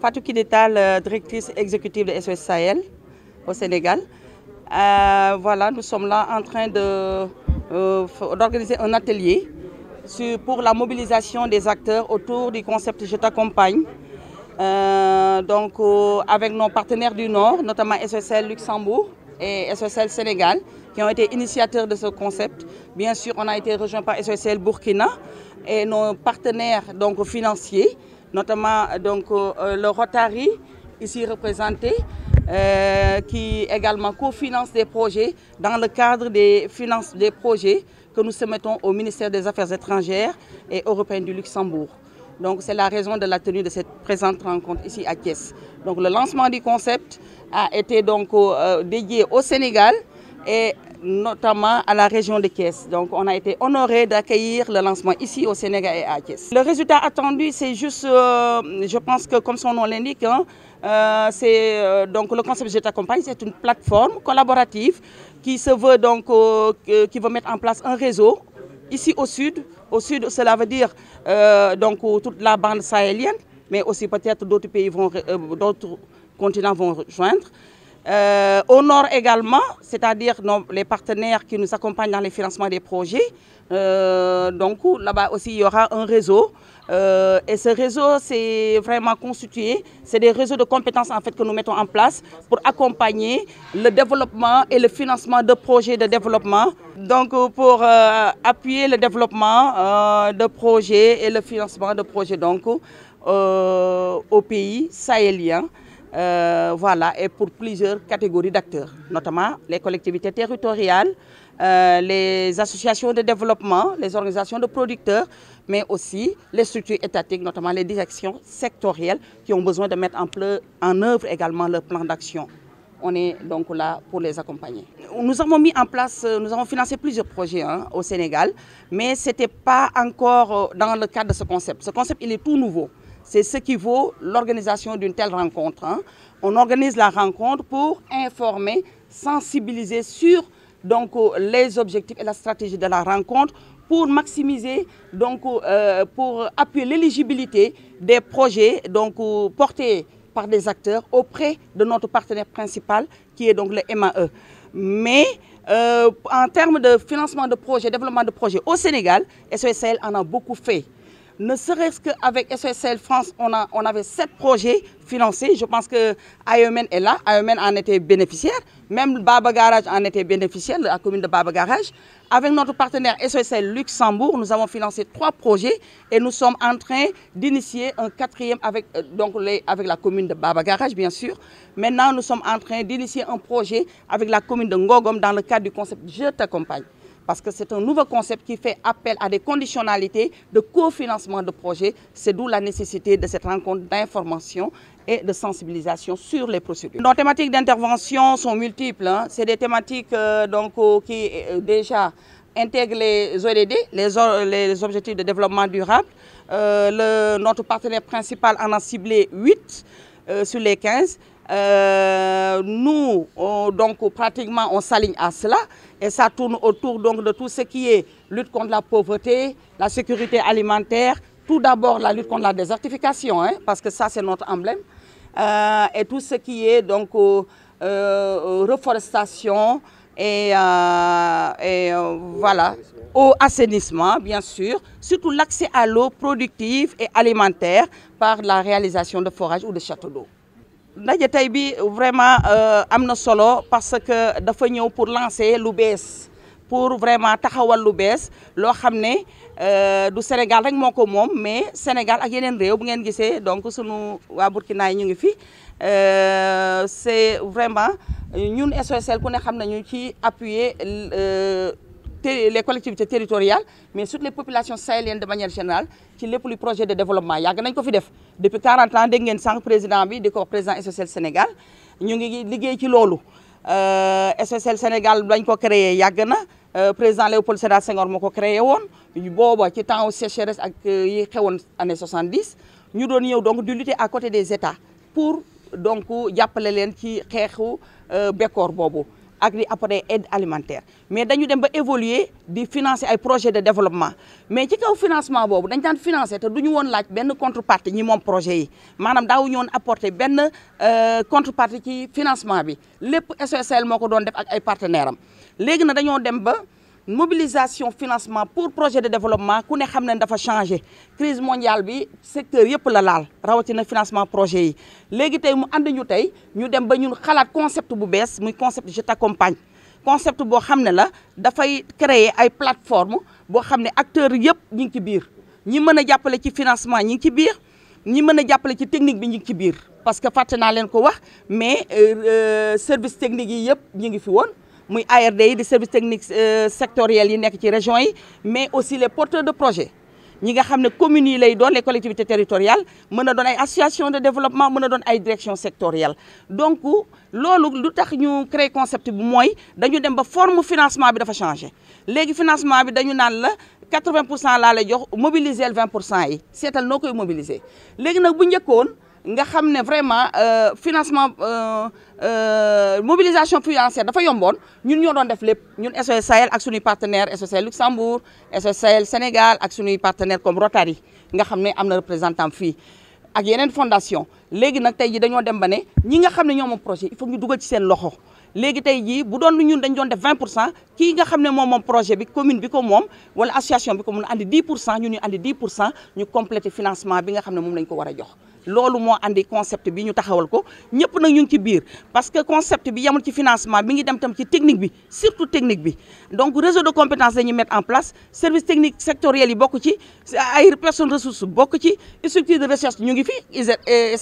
Fatou Kidetal, euh, directrice exécutive de SOS Sahel au Sénégal. Euh, voilà, nous sommes là en train euh, d'organiser euh, un atelier sur, pour la mobilisation des acteurs autour du concept Je compagne Euh, donc, euh, avec nos partenaires du Nord, notamment SSL Luxembourg et SSL Sénégal, qui ont été initiateurs de ce concept. Bien sûr, on a été rejoint par SSL Burkina et nos partenaires donc, financiers. notamment euh, donc euh, euh, le Rotary ici représenté euh, qui également cofinance des projets dans le cadre des finances des projets que nous soumettons au ministère des Affaires étrangères et européennes du Luxembourg. Donc c'est la raison de la tenue de cette présente rencontre ici à Thiès. Donc le lancement du concept a été donc euh, dédié au Sénégal et notamment à la région de Thiès. Donc on a été honoré d'accueillir le lancement ici au Sénégal et à Thiès. Le résultat attendu, c'est juste, euh, je pense que comme son nom l'indique, hein, euh, c'est euh, donc le concept Je t'accompagne, c'est une plateforme collaborative qui se veut donc euh, qui veut mettre en place un réseau ici au sud. Au sud, cela veut dire euh, donc toute la bande sahélienne, mais aussi peut-être d'autres pays vont, euh, d'autres continents vont rejoindre. Euh, au nord également, c'est-à-dire les partenaires qui nous accompagnent dans les financements des projets. Euh, donc là-bas aussi, il y aura un réseau. Euh, et ce réseau, c'est vraiment constitué. C'est des réseaux de compétences en fait, que nous mettons en place pour accompagner le développement et le financement de projets de développement. Donc pour euh, appuyer le développement euh, de projets et le financement de projets donc, euh, au pays sahélien. Euh, voilà, et pour plusieurs catégories d'acteurs, notamment les collectivités territoriales, euh, les associations de développement, les organisations de producteurs, mais aussi les structures étatiques, notamment les directions sectorielles qui ont besoin de mettre en, pleu, en œuvre également leur plan d'action. On est donc là pour les accompagner. Nous avons mis euh, financé plusieurs projets au Sénégal, mais ce n'était pas encore euh, dans le cadre de ce concept. Ce concept, il C'est ce qui vaut l'organisation d'une telle rencontre. Hein. On organise la rencontre pour informer, sensibiliser sur donc, euh, les objectifs et la stratégie de la rencontre pour maximiser, donc, euh, pour appuyer l'éligibilité des projets donc, euh, portés par des acteurs auprès de notre partenaire principal qui est donc le MAE. Mais euh, en termes de financement de projets, développement de projets au Sénégal, SOSL en a beaucoup fait. ne serait-ce qu'avec SSL France, on, a, on avait sept projets financés. Je pense que AEMN est là, AEMN en était bénéficiaire, même Baba Garage en était bénéficiaire, la commune de Baba Garage. Avec notre partenaire SSL Luxembourg, nous avons financé trois projets et nous sommes en train d'initier un quatrième avec, euh, donc les, avec la commune de Baba Garage, bien sûr. Maintenant, nous sommes en train d'initier un projet avec la commune de Ngogom dans le cadre du concept Je parce que c'est un nouveau concept qui fait appel à des conditionnalités de cofinancement de projets. C'est d'où la nécessité de cette rencontre d'information et de sensibilisation sur les procédures. Nos thématiques d'intervention sont multiples. Hein. C'est des thématiques euh, donc, euh, qui euh, déjà intègrent les ODD, e les, les objectifs de développement durable. Euh, le, notre partenaire principal en a ciblé 8 euh, sur les 15 Euh, nous, donc, pratiquement, on s'aligne à cela et ça tourne autour donc, de tout ce qui est lutte contre la pauvreté, la sécurité alimentaire, tout d'abord la lutte contre la désertification, hein, parce que ça, c'est notre emblème, euh, et tout ce qui est donc euh, euh reforestation et, euh, et euh, voilà, au assainissement, bien sûr, surtout l'accès à l'eau productive et alimentaire par la réalisation de forages ou de châteaux d'eau. ndaje tey bi vraiment euh, am na solo parce que dafa ñëw pour lancer lu bees pour vraiment taxawal lu bees loo xam ne euh, du Sénégal rek moo ko moom mais Sénégal ak yeneen réew bu ngeen gisee donc sunu waa Burkina yi ñu ngi fi euh, c'est vraiment ñun SOSL ku ne xam nañu ci appuyer le collectivités territoriales mais sur les populations sahéliennes de manière générale ci lépp luy projet de développement yàgg nañ ko fi def depuis 40 ans dégg ngeen sànq président bi di ko wax président SOSL Sénégal ñu ngi liggéey ci loolu euh, SOSL Sénégal lañ ko créé yàgg na euh, président Léopold Sédar Senghor moo ko créé woon booba ci temps sécheresse ak euh, yi xewoon année 70 ñu doon ñëw donc di lutter à côté des états pour donc jàppale leen ci xeexu bekkoor boobu ak di apporter aide alimentaire mais dañu dem ba évoluer di financer ay projet de développement mais ci kaw financement boobu dañ daan financer te duñu woon laaj benn contrepartie ñi moom projet yi maanaam daaw ñoon apporter benn euh, contrepartie ci financement bi lépp SOSL moo ko doon def ak ay partenaires am léegi na dañoo dem ba mobilisation financement pour projet de développement ku ne xam ne dafa changer crise mondiale bi secteur yëpp la laal rawatina financement projet yi léegi tey mu ànd ñu tey ñu dem ba ñun xalaat concept bu bees muy concept je t'accompagne concept boo xam ne la dafay créer ay plateforme boo xam ne acteurs yëpp ñi ngi ci biir ñi mën a jàppale ci financement ñi ngi ci biir ñi mën a jàppale ci technique bi ñi ngi ci biir parce que fàtte naa leen ko wax mais euh, euh, service technique yi yëpp ñi ngi fi woon muy ARD yi di service technique euh, sectoriel yi nekk ci région yi mais aussi les porteur de projet ñi nga xam ne communes yi lay doon les collectivités territoriale mën a doon ay association de développement mën a doon ay direction sectorielle donc loolu lu tax ñu créer concept bi mooy dañu dem ba forme financement bi dafa changé léegi financement bi dañu naan la 80 pour cent laa lay jox mobiliser 20 pour cent yi seetal noo koy mobiliser léegi nag bu njëkkoon nga xam ne vraiment euh, financement euh, euh, mobilisation financière dafa yomboon ñun ñoo doon def lépp ñun SOS Sahel ak suñuy partenaire SOS Luxembourg SOS Sahel Sénégal ak suñuy partenaire comme Rotary nga xam ne am na représentant fii ak yeneen fondation léegi nag tey ji dañoo dem ne ñi nga xam ne ñoo moom projet il faut ñu dugal seen loxo léegi tey jii bu doon ñun dañ doon def 20 pour cent kii nga xam ne moom moom projet bi commune bi ko moom wala association bi ko a andi 10 financement bi nga xam ne moom lañ ko war a jox loolu moo andi concept bi ñu taxawal ko ñëpp nag ñu ngi ci biir parce que concept bi yamul ci financement bi ngi dem tam ci technique bi surtout technique bi donc réseau de compétences dañuy mettre en place service technique sectoriel yi bokk ci ay personnes ressources bokk ci structure de recherche ñu ngi fi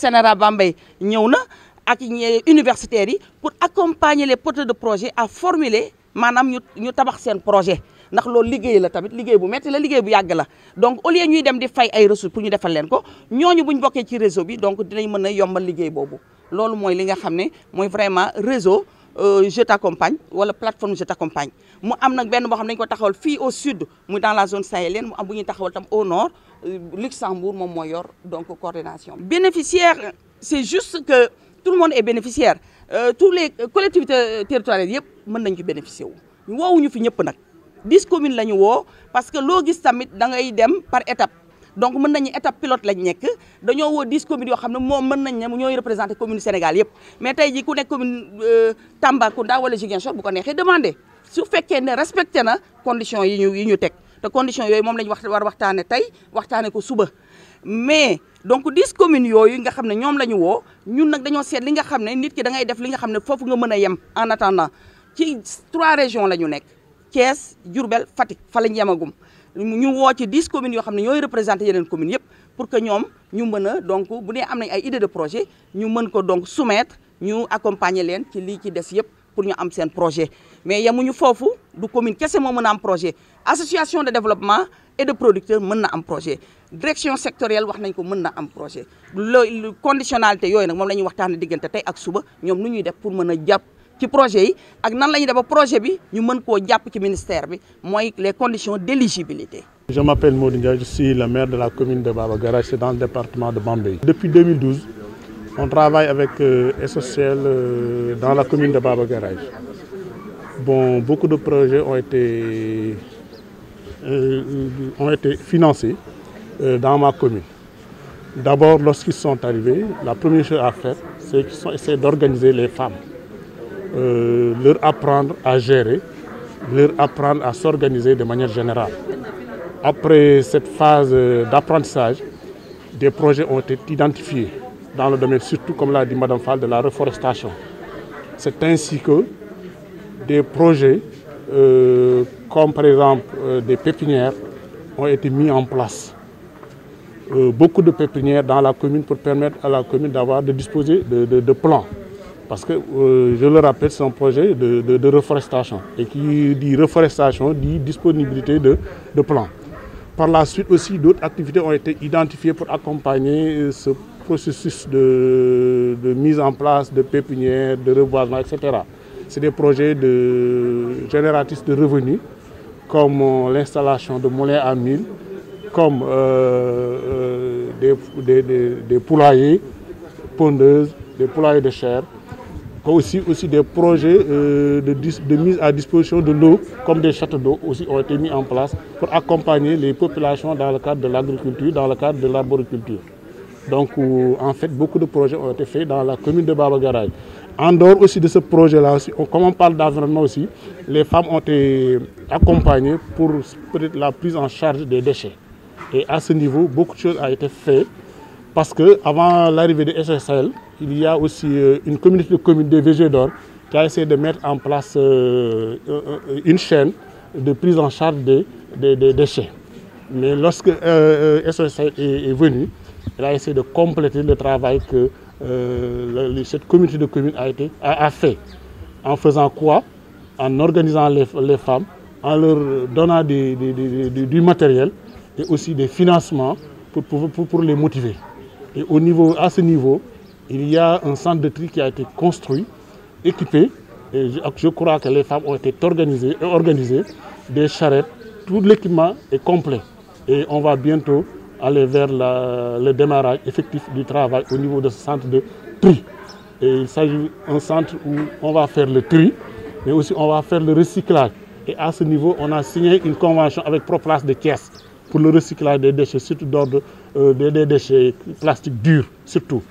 CNRA Bambey ñëw na ak universitaires yi pour accompagner les porteurs de projet à formuler maanaam ñu ñu tabax seen projet ndax loolu liggéey la tamit liggéey bu metti la liggéey bu yàgg la donc au lieu ñuy dem di fay ay ressources pour ñu defal leen ko ñooñu bu ñu bokkee ci réseau bi donc dinañ mën a yomba liggéey boobu loolu mooy li nga xam ne mooy vraiment réseau euh, je t'accompagne wala plateforme je t'accompagne mu am nag benn boo xam nañ ko taxawal fii au sud mu dans la zone sahélienne mu am bu ñu taxawal tam au nord euh, Luxembourg moom mooy yor donc coordination bénéficiaire c'est juste que tout le monde est bénéficiaire euh, les collectivités territoriales yëpp mën nañ ci bénéficier wu woowuñu fi ñëpp nag dix communes la ñu woo parce que loo gis tamit da ngay dem par étape donc mën nañu étape pilote lañ nekk dañoo woo dix communes yoo xam ne moom mën nañ ne ñooy représenté commune Sénégal yëpp mais tey ji ku nekk commune euh, Tambacounda wala Ziguinchor bu ko neexee demandé su fekkee ne respecté na conditions yi ñu yi ñu teg te conditions yooyu moom la ñu wax war waxtaane tey ko suba mais donc dix communes yooyu nga xam ne ñoom la ñu woo ñun nag dañoo seet li nga xam ne nit ki da ngay def li nga xam ne foofu nga mën a yem en attendant ci trois régions la ñu nekk Thiès Diourbel Fatick fa lañ yemagum ñu woo ci 10 commune yoo xam ne ñooy représenté yeneen communes yëpp pour que ñoom ñu mën a donc bu dee am nañ ay idée de projet ñu mën ko donc soumettre ñu accompagner leen ci lii ci des yëpp pour ñu am seen projet mais yemuñu foofu du commune kese moom mën a am projet association de développement et de producteurs mën na am projet direction sectorielle wax nañ ko mën na am projet loolu conditionnalité yooyu nag moom la ñuy waxtaanee diggante tey ak suba ñoom nu ñuy def pour mën a jàpp ci projet yi ak nan la ñuy def projet bi ñu mën koo jàpp ci ministère bi mooy les conditions d'éligibilité. Je m'appelle Modou Ndiaye, je suis le maire de la commune de Baba Garage, c'est dans le département de Bambey. Depuis 2012, on travaille avec euh, SOCL euh, dans la commune de Baba Garage. Bon, beaucoup de projets ont été, euh, ont été financés euh, dans ma commune. D'abord, lorsqu'ils sont arrivés, la première chose à faire, c'est d'organiser les femmes. euh, leur apprendre à gérer, leur apprendre à s'organiser de manière générale. Après cette phase euh, d'apprentissage, des projets ont été identifiés dans le domaine, surtout comme l'a dit Madame Fall, de la reforestation. C'est ainsi que des projets euh, comme par exemple euh, des pépinières ont été mis en place. Euh, beaucoup de pépinières dans la commune pour permettre à la commune d'avoir de disposer de, de, Parce que, euh, je le rappelle, c'est un projet de, de, de, reforestation. Et qui dit reforestation, dit disponibilité de, de plans. Par la suite aussi, d'autres activités ont été identifiées pour accompagner euh, ce processus de, de mise en place de pépinières, de reboisement, etc. C'est des projets de génératrices de revenus, comme euh, l'installation de moulins à mille, comme euh, euh, des, des, des, des poulaillers pondeuses, des poulaillers de chair, aussi, aussi des projets euh, de, de, mise à disposition de l'eau, comme des châteaux d'eau aussi ont été mis en place pour accompagner les populations dans le cadre de l'agriculture, dans le cadre de l'arboriculture. Donc, où, euh, en fait, beaucoup de projets ont été faits dans la commune de Babagaraï. En dehors aussi de ce projet-là, comme on parle d'environnement aussi, les femmes ont été accompagnées pour la prise en charge des déchets. Et à ce niveau, beaucoup de choses ont été faites parce que avant l'arrivée de SSL, il y a aussi euh, une communauté de commune des VG d'or qui a essayé de mettre en place euh, euh, une chaîne de prise en charge des, des, des déchets. Mais lorsque SSL est, est venu, elle a essayé de compléter le travail que euh, cette communauté de commune a, été, a, a fait. En faisant quoi En organisant les, les, femmes, en leur donnant du, du, du, du matériel et aussi des financements pour, pour, pour les motiver. Et au niveau, à ce niveau, il y a un centre de tri qui a été construit, équipé. Et je, crois que les femmes ont été organisées, organisées des charrettes. Tout l'équipement est complet. Et on va bientôt aller vers la, le démarrage effectif du travail au niveau de ce centre de tri. Et il s'agit un centre où on va faire le tri, mais aussi on va faire le recyclage. Et à ce niveau, on a signé une convention avec Proplace de Thiès pour le recyclage des déchets, surtout d'ordre Euh, des, des déchets plastiques durs surtout.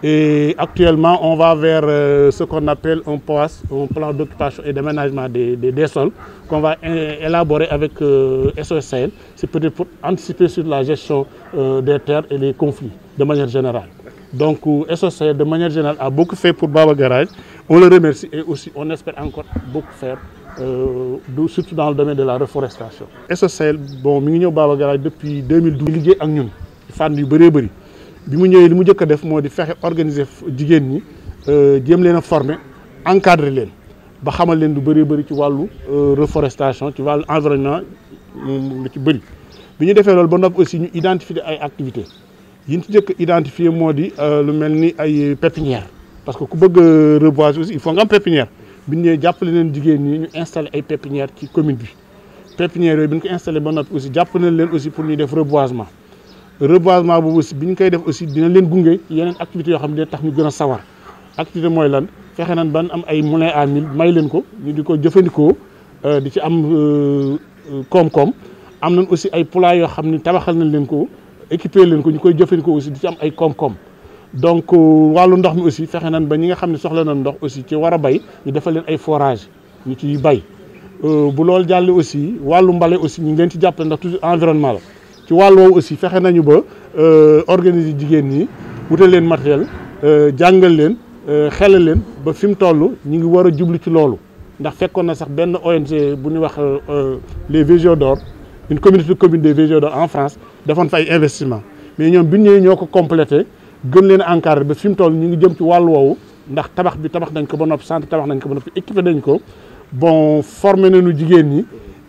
Et actuellement, on va vers euh, ce qu'on appelle un POAS, un plan d'occupation et d'aménagement des, des, des, sols, qu'on va élaborer avec euh, SOSL. C'est peut-être pour anticiper sur la gestion euh, des terres et des conflits, de manière générale. Donc, euh, SOSL, de manière générale, a beaucoup fait pour Baba Garage. On le remercie et aussi, on espère encore beaucoup faire, euh, surtout dans le domaine de la reforestation. SOSL, bon, Mignon Baba Garage depuis 2012, lié à nous. fànn yu bëree bëri bi mu ñëwee li mu njëkk a def moo di fexe organiser jigéen ñi euh, jéem leen a former encadrer leen ba xamal leen lu bëri bëri ci wàllu euh, reforestation ci wàllu environnement mm, lu ci bëri bi ñu defee loolu ba nopp aussi ñu identifier ay activités yi ñu ci njëkk identifier moo di euh, lu mel ni ay pépinière parce que ku bëgg reboiser aussi il faut nga am pépinière bi ñu ñëwee jàppale leen jigéen ñi ñu installé ay pépinière ci commune bi pépinière yooyu bi ñu ko installé jàpp nañ leen pour ñuy def reboisement reboisement boobu aussi bi ñu koy def aussi dina leen gunge yeneen activités yoo xam ne day tax ñu gën a sawar activité mooy lan fexe nan ban am ay moulin à mil may leen ko ñu di ko jëfandikoo euh, di ci am euh, euh, koom-koom am nañ aussi ay poulailler yoo xam ne tabaxal nañ leen ko équipé leen ko ñu koy jëfandikoo aussi di ci ay koom-koom donc wàllu ndox mi aussi fexe nan ba ñi nga xam ne soxla na ndox aussi ci war a bay ñu defal leen ay forage ñu ciy bay bu loolu jàllee aussi wàllu mbale aussi ñu leen ci jàppale ndax toujours environnement la ci wàll woowu aussi fexe nañu ba euh, organiser jigéen ñi wutal leen matériel euh, jàngal leen euh, xelal leen ba fi mu toll ñu ngi war a jublu ci loolu ndax fekkoon na sax benn ONG bu ñu wax les Végéo d'or une communauté de communes des Végéo d'or en France defoon fa ay investissement mais ñoom bi ñëwee ñoo ko complété gën leen encadré ba fi mu toll ñu ngi jëm ci wàll woowu ndax tabax bi tabax nañ ko ba noppi centre tabax nañ ko ba noppi équipé nañ ko bon formé nañu jigéen ñi.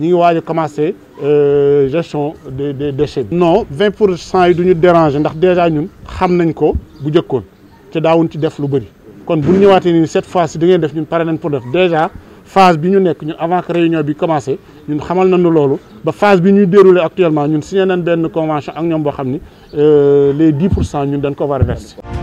ñu ngi waaj a commencé euh, gestion de des déchets bi. non vingt pour cent yi du ñu dérangé ndax déjà ñun xam nañ ko bu jëkkoon te daawuñ ci def lu bëri kon bu ñu ñëwaatee nii cette fois ci da def ñun pare nañ pour def déjà phase bi ñu nekk ñu avant que réunion bi commencé ñun xamal nañu loolu ba phase bi ñuy déroulé actuellement ñun si nañ benn convention ak ñoom boo xam ni euh, les dix pour cent ñun dañ ko war a verser